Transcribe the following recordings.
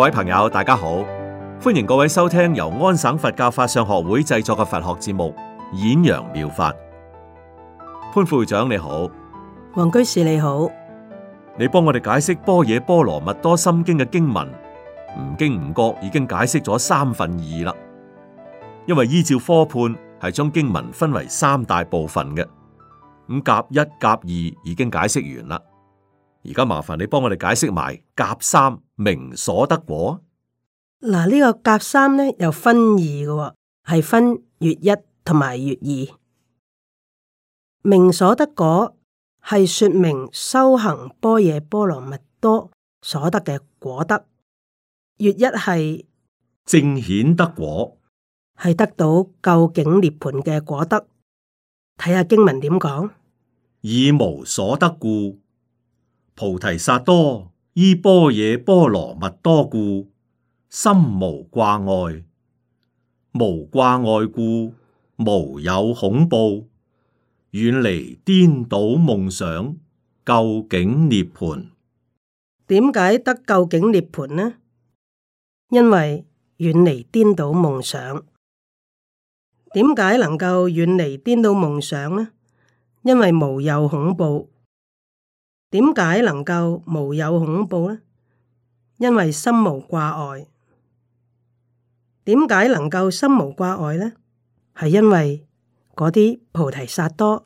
各位朋友，大家好，歡迎各位收聽由安省佛教法相學會製作嘅佛學節目《演揚妙，妙法》。潘副會長你好，王居士你好，你幫我哋解釋《般若波羅蜜多心經》嘅經文，唔經唔覺已經解釋咗三分二啦。因為依照科判係將經文分為三大部分嘅，咁甲一甲二已經解釋完啦。而家麻煩你幫我哋解釋埋甲三明所得果。嗱，呢個甲三呢又分二個，係分月一同埋月二。明所得果係說明修行般若波羅蜜多所得嘅果德。月一係正顯得果，係得到究竟涅槃嘅果德。睇下經文點講，以無所得故。菩提薩埵依般若波羅蜜多故，心無掛礙，無掛礙故，無有恐怖，遠離顛倒夢想，究竟涅槃。點解得究竟涅槃呢？因為遠離顛倒夢想。點解能夠遠離顛倒夢想呢？因為無有恐怖。點解能夠無有恐怖呢？因為心無掛礙。點解能夠心無掛礙呢？係因為嗰啲菩提薩埵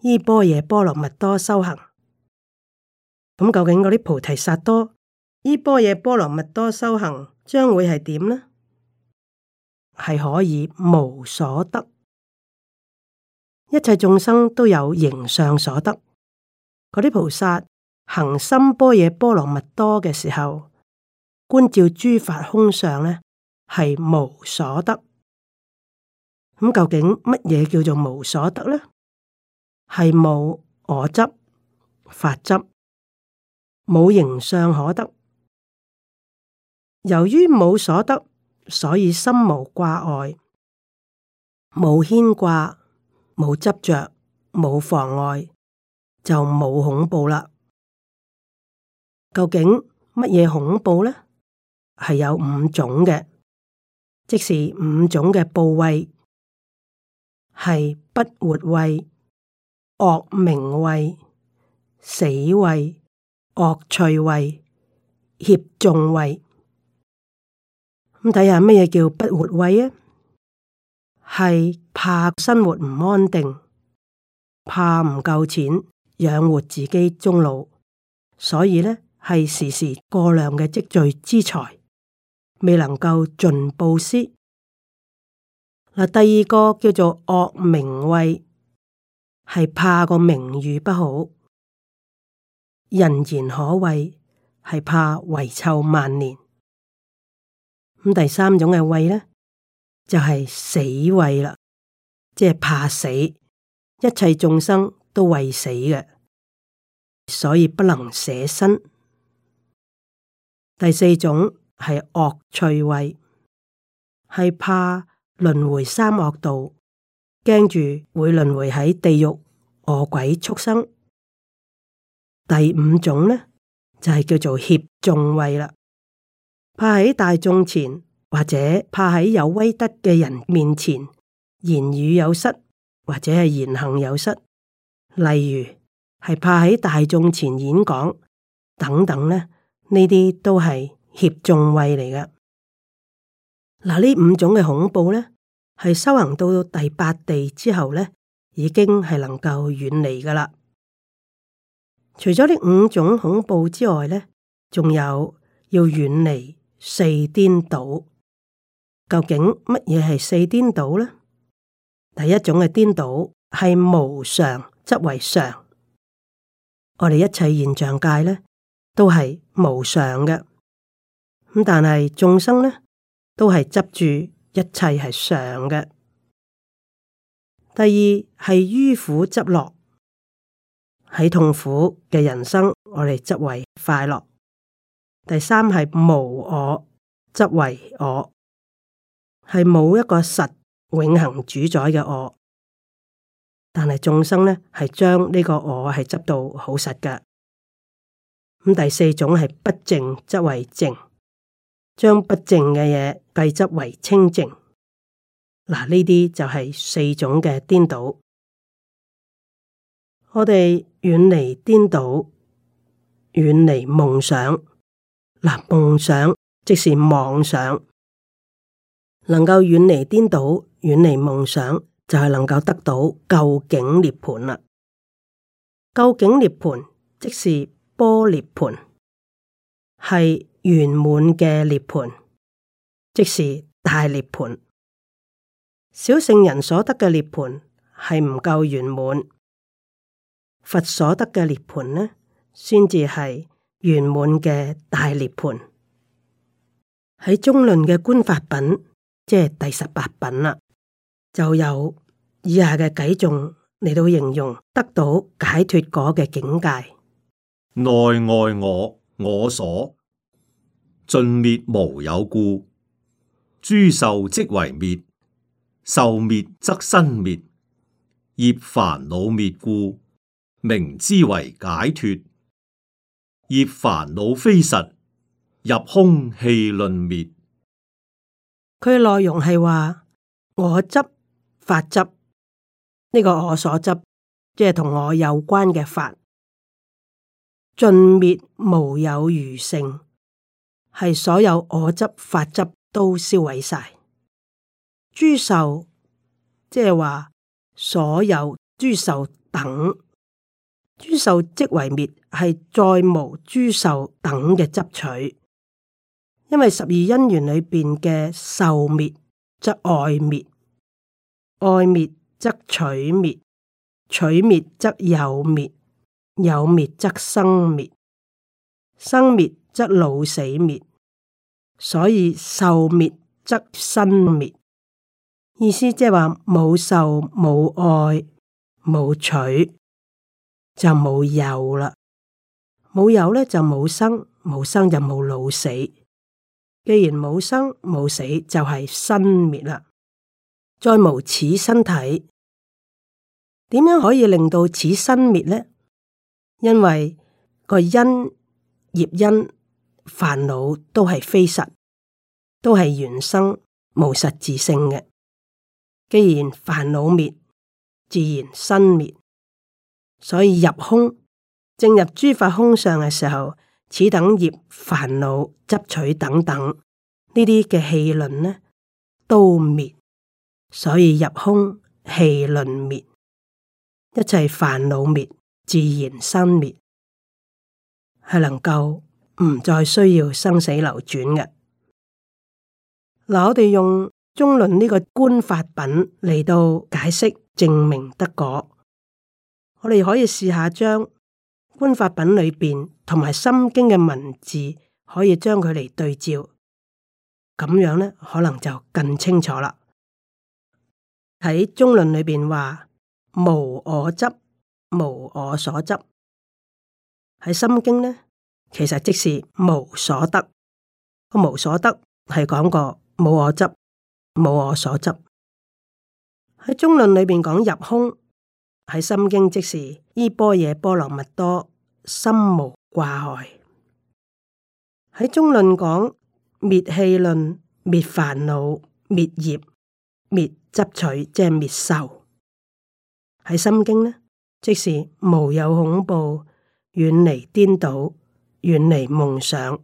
依般若波羅蜜多修行。咁究竟嗰啲菩提薩埵依般若波羅蜜多修行將會係點呢？係可以無所得。一切眾生都有形相所得。嗰啲菩薩行深般若波羅蜜多嘅時候，觀照諸法空相呢，係無所得。咁究竟乜嘢叫做無所得呢？係冇我執、法執，冇形相可得。由於冇所得，所以心無掛礙，冇牽掛，冇執着，冇妨礙。就冇恐怖啦。究竟乜嘢恐怖咧？係有五種嘅，即是五種嘅怖畏，係不活畏、惡名畏、死畏、惡趣畏、怯眾畏。咁睇下乜嘢叫不活畏啊？係怕生活唔安定，怕唔夠錢。養活自己終老，所以呢係時時過量嘅積聚之財，未能夠盡布施。嗱，第二個叫做惡名畏，係怕個名譽不好，人言可畏，係怕遺臭萬年。咁第三種嘅畏呢，就係、是、死畏啦，即係怕死，一切眾生。都畏死嘅，所以不能捨身。第四種係惡趣畏，係怕輪回三惡道，驚住會輪回喺地獄、餓鬼、畜生。第五種呢，就係、是、叫做怯眾畏啦，怕喺大眾前，或者怕喺有威德嘅人面前，言語有失，或者係言行有失。例如係怕喺大眾前演講等等咧，呢啲都係脅眾位嚟嘅。嗱，呢五種嘅恐怖咧，係修行到第八地之後咧，已經係能夠遠離噶啦。除咗呢五種恐怖之外咧，仲有要遠離四顛倒。究竟乜嘢係四顛倒咧？第一種嘅顛倒係無常執為常，我哋一切現象界咧都係無常嘅，咁但係眾生咧都係執住一切係常嘅。第二係於苦執樂，喺痛苦嘅人生，我哋執為快樂。第三係無我，執為我係冇一個實永恆主宰嘅我。但係眾生咧，係將呢個我係執到好實嘅。咁第四種係不淨則為淨，將不淨嘅嘢計執為清淨。嗱、啊，呢啲就係四種嘅顛倒。我哋遠離顛倒，遠離夢想。嗱、啊，夢想即是妄想，能夠遠離顛倒，遠離夢想，就係能夠得到究竟涅盤啦。究竟涅盤即是般涅盤，係圓滿嘅涅盤，即是大涅盤。小聖人所得嘅涅盤係唔夠圓滿，佛所得嘅涅盤呢，先至係圓滿嘅大涅盤。喺中論嘅觀法品，即係第十八品啦。就有以下嘅幾種嚟到形容得到解脫果嘅境界，內外我我所盡滅無有故，諸受即為滅，受滅則身滅，業煩惱滅故，名之為解脫。業煩惱非實，入空戲論滅。佢嘅內容係話我執。法執呢，這個我所執，即係同我有關嘅法，盡滅無有餘性，係所有我執法執都銷毀晒。諸受即係話所有諸受等，諸受即為滅，係再無諸受等嘅執取。因為十二因緣裏邊嘅受滅即外滅。愛滅則取滅，取滅則有滅，有滅則生滅，生滅則老死滅。所以受滅則生滅。意思即係話冇受冇愛冇取就冇有啦，冇有呢，就冇生，冇生就冇老死。既然冇生冇死，就係是生滅啦。再無此身體，點樣可以令到此身滅呢？因為個因業因煩惱都係非實，都係緣生無實自性嘅。既然煩惱滅，自然身滅。所以入空，正入諸法空相嘅時候，此等業煩惱執取等等呢啲嘅戲論呢，都滅。所以入空戲論滅，一切煩惱滅，自然生滅，係能夠唔再需要生死流轉嘅。嗱，我哋用中論呢個觀法品嚟到解釋證明得果，我哋可以試下將觀法品裏邊同埋心經嘅文字，可以將佢嚟對照，咁樣咧可能就更清楚啦。喺中論裏邊話無我執，無我所執。喺心經呢，其實即是無所得。個無所得係講過無我執，無我所執。喺中論裏邊講入空，喺心經即是依般若波羅蜜多，心無掛礙。喺中論講滅氣論，滅煩惱，滅業，滅。執取即係滅受，喺心經呢，即是無有恐怖，遠離顛倒，遠離夢想。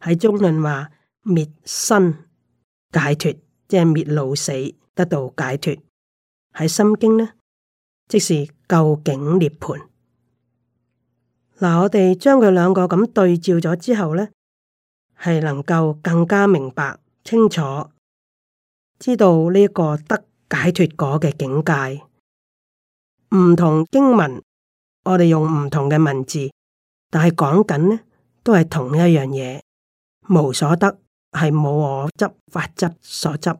喺中論話滅身解脫，即係滅老死，得到解脫。喺心經呢，即是究竟涅槃。嗱，我哋將佢兩個咁對照咗之後呢，係能夠更加明白清楚。知道呢一個得解脱果嘅境界，唔同經文，我哋用唔同嘅文字，但係講緊呢都係同一樣嘢。無所得係冇我執、法執、所執，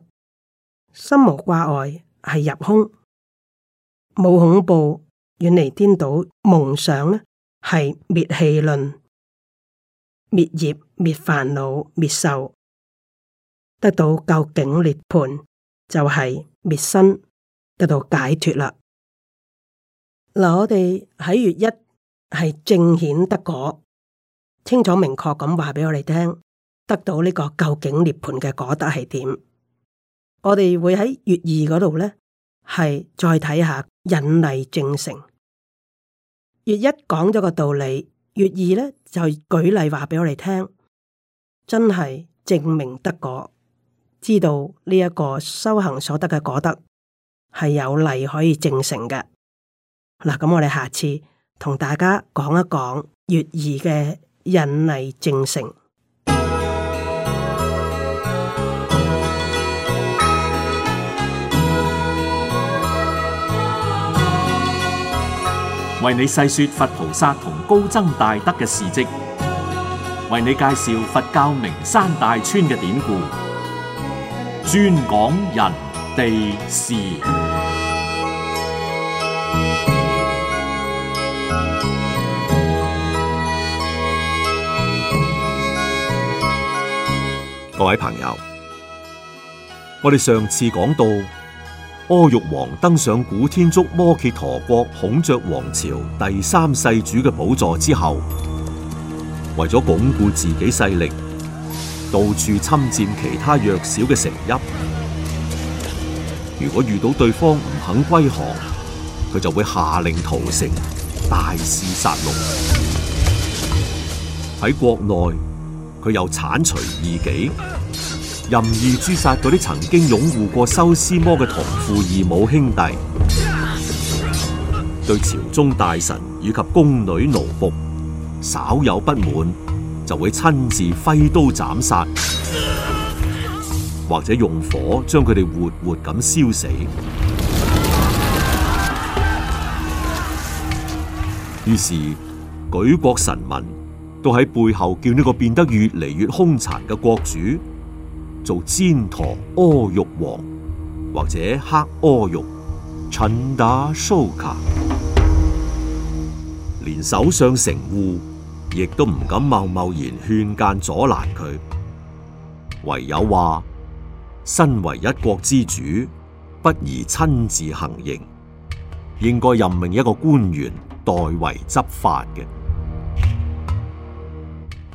心無掛礙係入空，冇恐怖，遠離顛倒夢想，呢係滅氣論，滅業、滅煩惱、滅受。得到究竟涅盤就係、是、滅身，得到解脫啦。嗱，我哋喺月一係正顯得果，清楚明確咁話畀我哋聽，得到呢個究竟涅盤嘅果德係點。我哋會喺月二嗰度咧，係再睇下引例證成。月一講咗個道理，月二咧就舉例話畀我哋聽，真係證明得果。知道呢一個修行所得嘅果德係有例可以證成嘅。嗱，咁我哋下次同大家講一講月義嘅引例證成。為你細說佛菩薩同高僧大德嘅事跡，為你介紹佛教名山大川嘅典故。專講人地事，各位朋友，我哋上次講到阿育王登上古天竺摩羯陀國孔雀王朝第三世主嘅寶座之後，為咗鞏固自己勢力。到處侵佔其他弱小嘅城邑，如果遇到對方唔肯歸降，佢就會下令屠城，大肆殺戮。喺國內，佢又鏟除異己，任意誅殺嗰啲曾經擁護過修斯摩嘅同父異母兄弟，對朝中大臣以及宮女奴僕，稍有不滿。就會親自揮刀斬殺，或者用火將佢哋活活咁燒死。於是舉國臣民都喺背後叫呢個變得越嚟越兇殘嘅國主做旃陀阿育王，或者黑阿育、陳打蘇卡，連首相成戶。亦都唔敢貿貿然勸諫阻攔佢，唯有話身為一國之主，不宜親自行刑，應該任命一個官員代為執法嘅。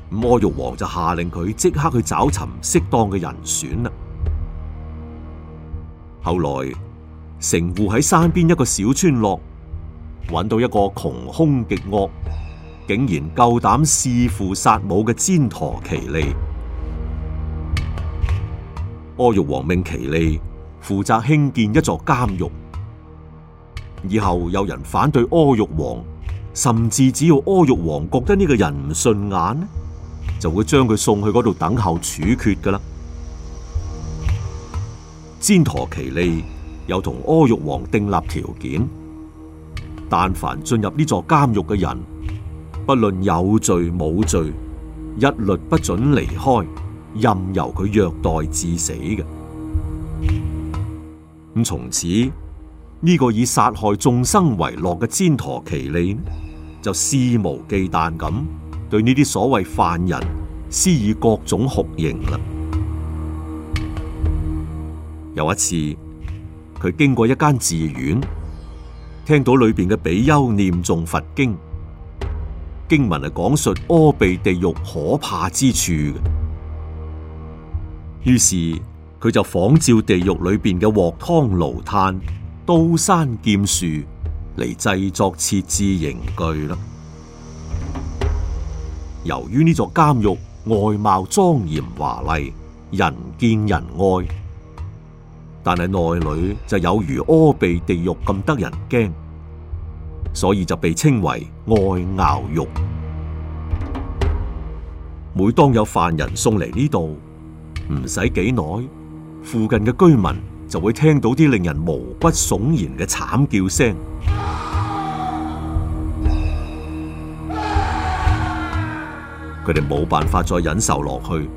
魔玉王就下令佢即刻去找尋適當嘅人選啦。後來，城戶喺山邊一個小村落揾到一個窮凶極惡，竟然夠膽弒父殺母嘅旃陀奇利，阿育王命奇利負責興建一座監獄。以後有人反對阿育王，甚至只要阿育王覺得呢個人唔順眼，就會將佢送去嗰度等候處決噶啦。旃陀奇利有同阿育王訂立條件：但凡進入呢座監獄嘅人。不論有罪冇罪，一律不准離開，任由佢虐待致死嘅。咁從此呢個以殺害眾生為樂嘅旃陀奇利，就肆無忌憚咁對呢啲所謂犯人施以各種酷刑啦。有一次，佢經過一間寺院，聽到裏邊嘅比丘念誦佛經。經文嚟講述阿鼻地獄可怕之處嘅，於是佢就仿照地獄裏邊嘅鑊湯爐炭、刀山劍樹嚟製作設置刑具。由於呢座監獄外貌莊嚴華麗，人見人愛，但係內裏就有如阿鼻地獄咁得人驚。所以就被稱為愛樂獄。每當有犯人送嚟呢度，唔使幾耐，附近嘅居民就會聽到啲令人毛骨悚然嘅慘叫聲。佢哋冇辦法再忍受落去，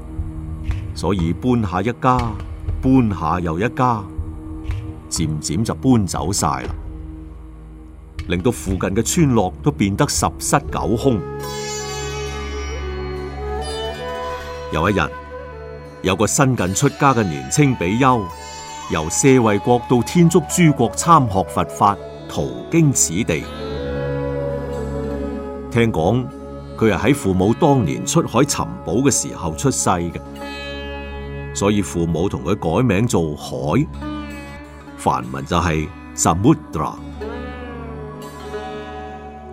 所以搬下一家，搬下又一家，漸漸就搬走晒啦。令到附近嘅村落都變得十室九空。有一日，有個新近出家嘅年青比丘，由舍衛國到天竺諸國參學佛法，途經此地。聽講佢係喺父母當年出海尋寶嘅時候出世嘅，所以父母同佢改名做海。梵文就係 Samudra。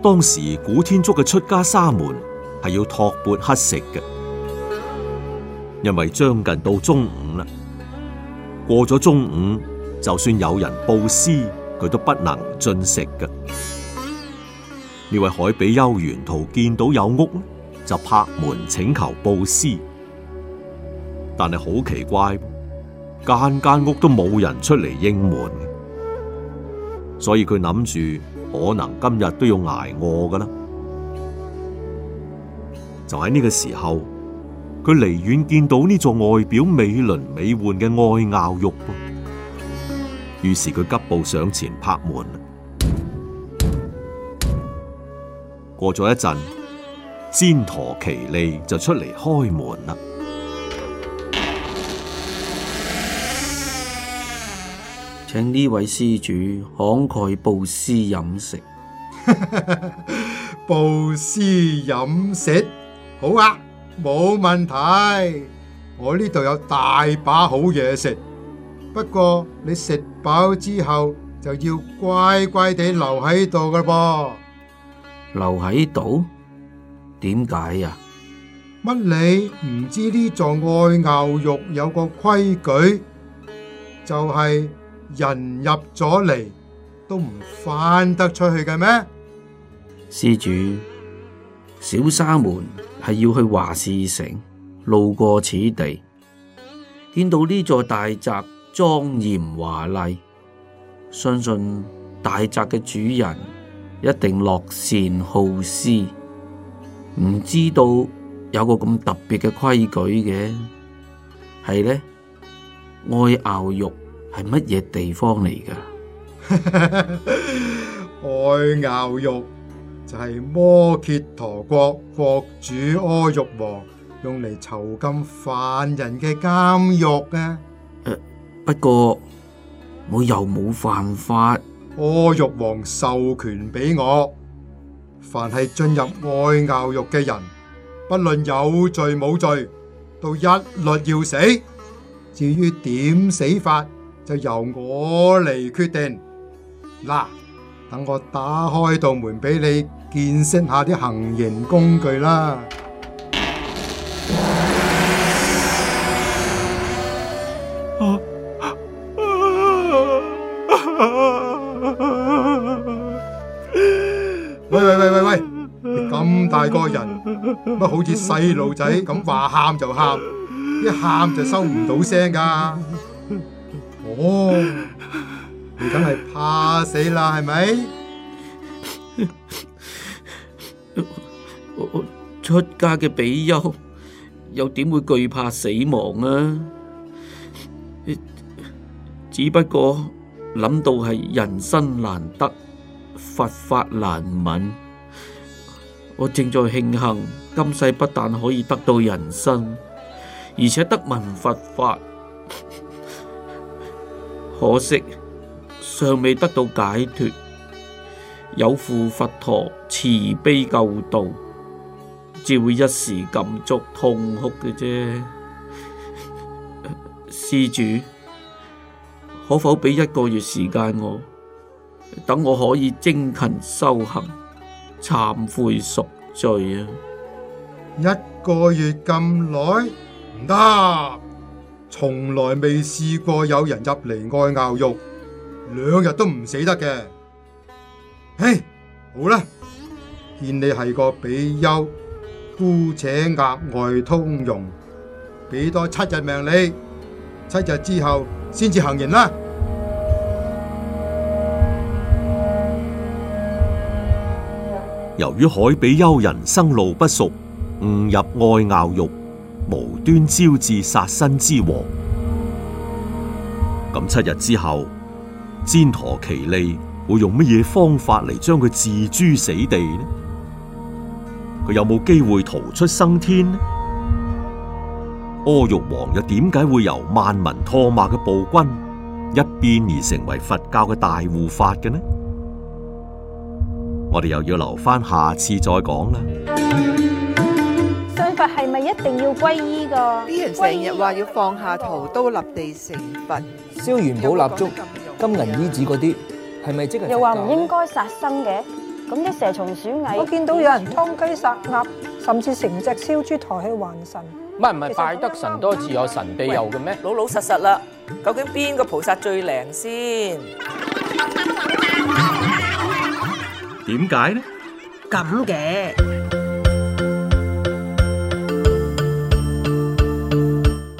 當時古天竺嘅出家沙門係要托缽乞食嘅。因為將近到中午啦，過咗中午就算有人布施佢都不能進食嘅。呢位海比丘沿途見到有屋，就拍門請求布施，但係好奇怪，間間屋都冇人出嚟應門，所以佢諗住。可能今日都要捱餓噶啦，就喺呢個時候，佢離遠見到呢座外表美輪美奐嘅愛樂獄，於是佢急步上前拍門。過咗一陣，旃陀奇利就出嚟開門啦。請呢位施主慷慨布施飲食，布施飲食好啊，冇問題。我呢度有大把好嘢食，不過你食飽之後就要乖乖地留喺度噶噃。留喺度點解啊？乜你唔知呢座愛牛肉有個規矩，就係、是。人入咗嚟都唔翻得出去嘅咩？施主，小沙門係要去華氏城，路過此地，見到呢座大宅莊嚴華麗，相信大宅嘅主人一定樂善好施，唔知道有個咁特別嘅規矩嘅係咧，愛樂獄。係乜嘢地方嚟㗎？愛樂獄就係摩羯陀國國主阿育王用嚟囚禁犯人嘅監獄啊。不過我又冇犯法，阿育王授權俾我，凡係進入愛樂獄嘅人，不論有罪冇罪，都一律要死。至於點死法？就由我嚟決定。嗱，等我打開道門俾你見識下啲行刑工具啦。喂喂喂喂喂！你咁大個人，乜好似細路仔咁話喊就喊，一喊就收唔到聲㗎。哦，你梗係怕死啦，係咪？ 我出家嘅比丘又點會懼怕死亡啊？只不過諗到係人生難得，佛法難聞，我正在慶幸今世不但可以得到人生，而且得聞佛法。可惜尚未得到解脱，有負佛陀慈悲救度，只會一時感觸，痛哭嘅啫。 施主，可否俾一個月時間我，等我可以精勤修行、懺悔贖罪啊？一個月咁耐？唔得。從來未試過有人入嚟愛樂獄，兩日都唔死得嘅。嘿，好啦，見你係個比丘，姑且額外通融，俾多七日命你，七日之後先至行刑啦。由於海比丘人生路不熟，誤入愛樂獄。無端招致殺身之禍。咁七日之後，旃陀奇利會用乜嘢方法嚟將佢置諸死地呢？佢有冇機會逃出生天呢？阿育王又點解會由萬民唾罵嘅暴君一變而成為佛教嘅大護法嘅呢？我哋又要留翻下，下次再講啦。係咪一定要皈依㗎？啲人成日話要放下屠刀立地成佛，燒元寶蠟燭、金銀衣紙嗰啲，係咪即係？又話唔應該殺生嘅，咁啲蛇蟲鼠蟻，我見到有人劏雞殺鴨，甚至成隻燒豬抬去還神。唔係唔係，拜得神多自有神庇佑嘅咩？老老實實啦，究竟邊個菩薩最靈先？點解呢？咁嘅。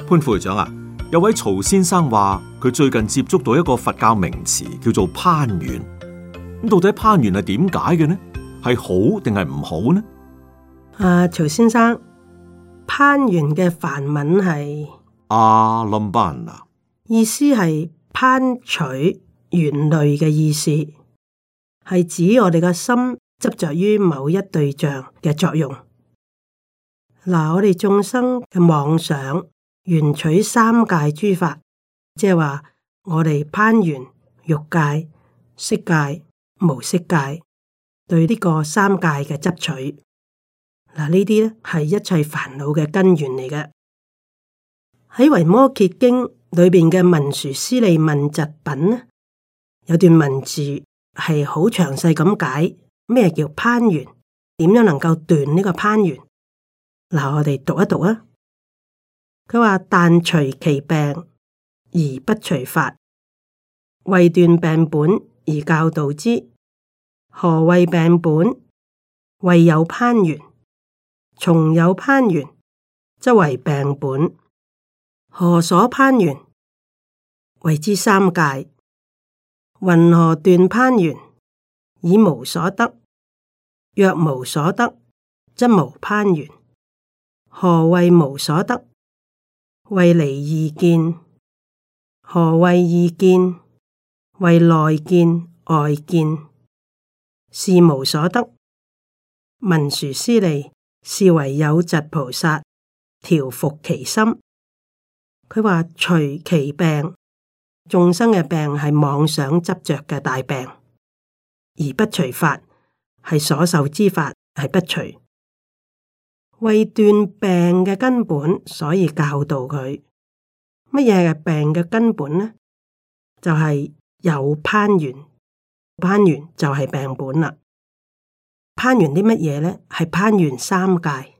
潘會長啊，有位曹先生話佢最近接觸到一個佛教名詞，叫做攀緣。咁到底攀緣係點解嘅呢？係好定係唔好呢？啊，uh, 曹先生，攀緣嘅梵文係阿林班呐，amb 意思係攀取原類嘅意思，係指我哋嘅心執着於某一對象嘅作用。嗱，我哋眾生嘅妄想。緣取三界諸法，即係話我哋攀緣欲界、色界、無色界，對呢個三界嘅執取，嗱，呢啲咧係一切煩惱嘅根源嚟嘅。喺《維摩詰經》裏邊嘅《文殊師利問疾品》呢，有段文字係好詳細咁解咩叫攀緣，點樣能夠斷呢個攀緣。嗱，我哋讀一讀啊！佢話：但除其病而不除法，為斷病本而教導之。何謂病本？為有攀緣，從有攀緣，則為病本。何所攀緣？謂之三界。云何斷攀緣？以無所得。若無所得，則無攀緣。何謂無所得？為離二見，何謂二見？為內見、外見，是無所得。文殊師利，是為有疾菩薩，調伏其心。佢話除其病，眾生嘅病係妄想執着嘅大病，而不除法，係所受之法係不除。為斷病嘅根本，所以教導佢乜嘢係病嘅根本呢？就係有攀緣，攀緣就係病本啦。攀緣啲乜嘢呢？係攀緣三界。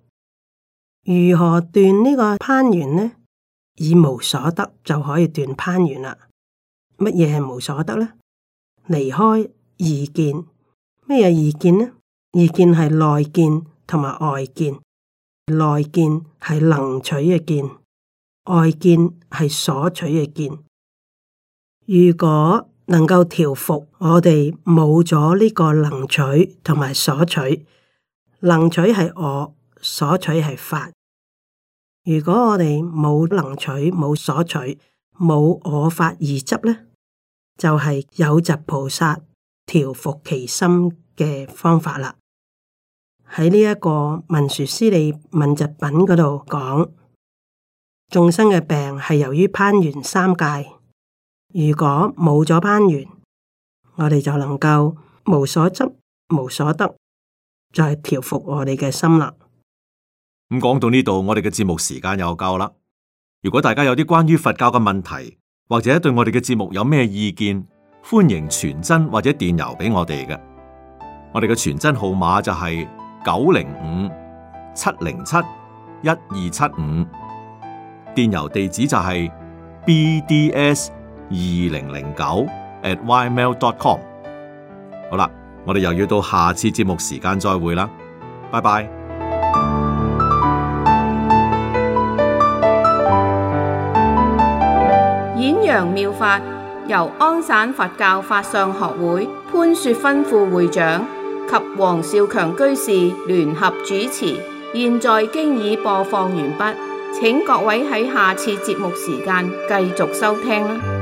如何斷呢個攀緣呢？以無所得就可以斷攀緣啦。乜嘢係無所得呢？離開二見。咩嘢二見呢？二見係內見同埋外見。內見係能取嘅見，外見係所取嘅見。如果能夠調伏我哋冇咗呢個能取同埋所取，能取係我，所取係法。如果我哋冇能取、冇所取、冇我法二執呢就係、是、有疾菩薩調伏其心嘅方法啦。喺呢一個文殊師利問疾品嗰度講，眾生嘅病係由於攀緣三界。如果冇咗攀緣，我哋就能夠無所執、無所得，再調伏我哋嘅心啦。咁講、嗯、到呢度，我哋嘅節目時間又夠啦。如果大家有啲關於佛教嘅問題，或者對我哋嘅節目有咩意見，歡迎傳真或者電郵俾我哋嘅。我哋嘅傳真號碼就係、是。九零五七零七一二七五電郵地址就係 bds 二零零九 at ymail.com 好啦，我哋又要到下次節目時間再會啦，拜拜。演揚妙法由安省佛教法相學會潘雪芬副會長。及黃少強居士聯合主持，現在經已播放完畢。請各位喺下次節目時間繼續收聽。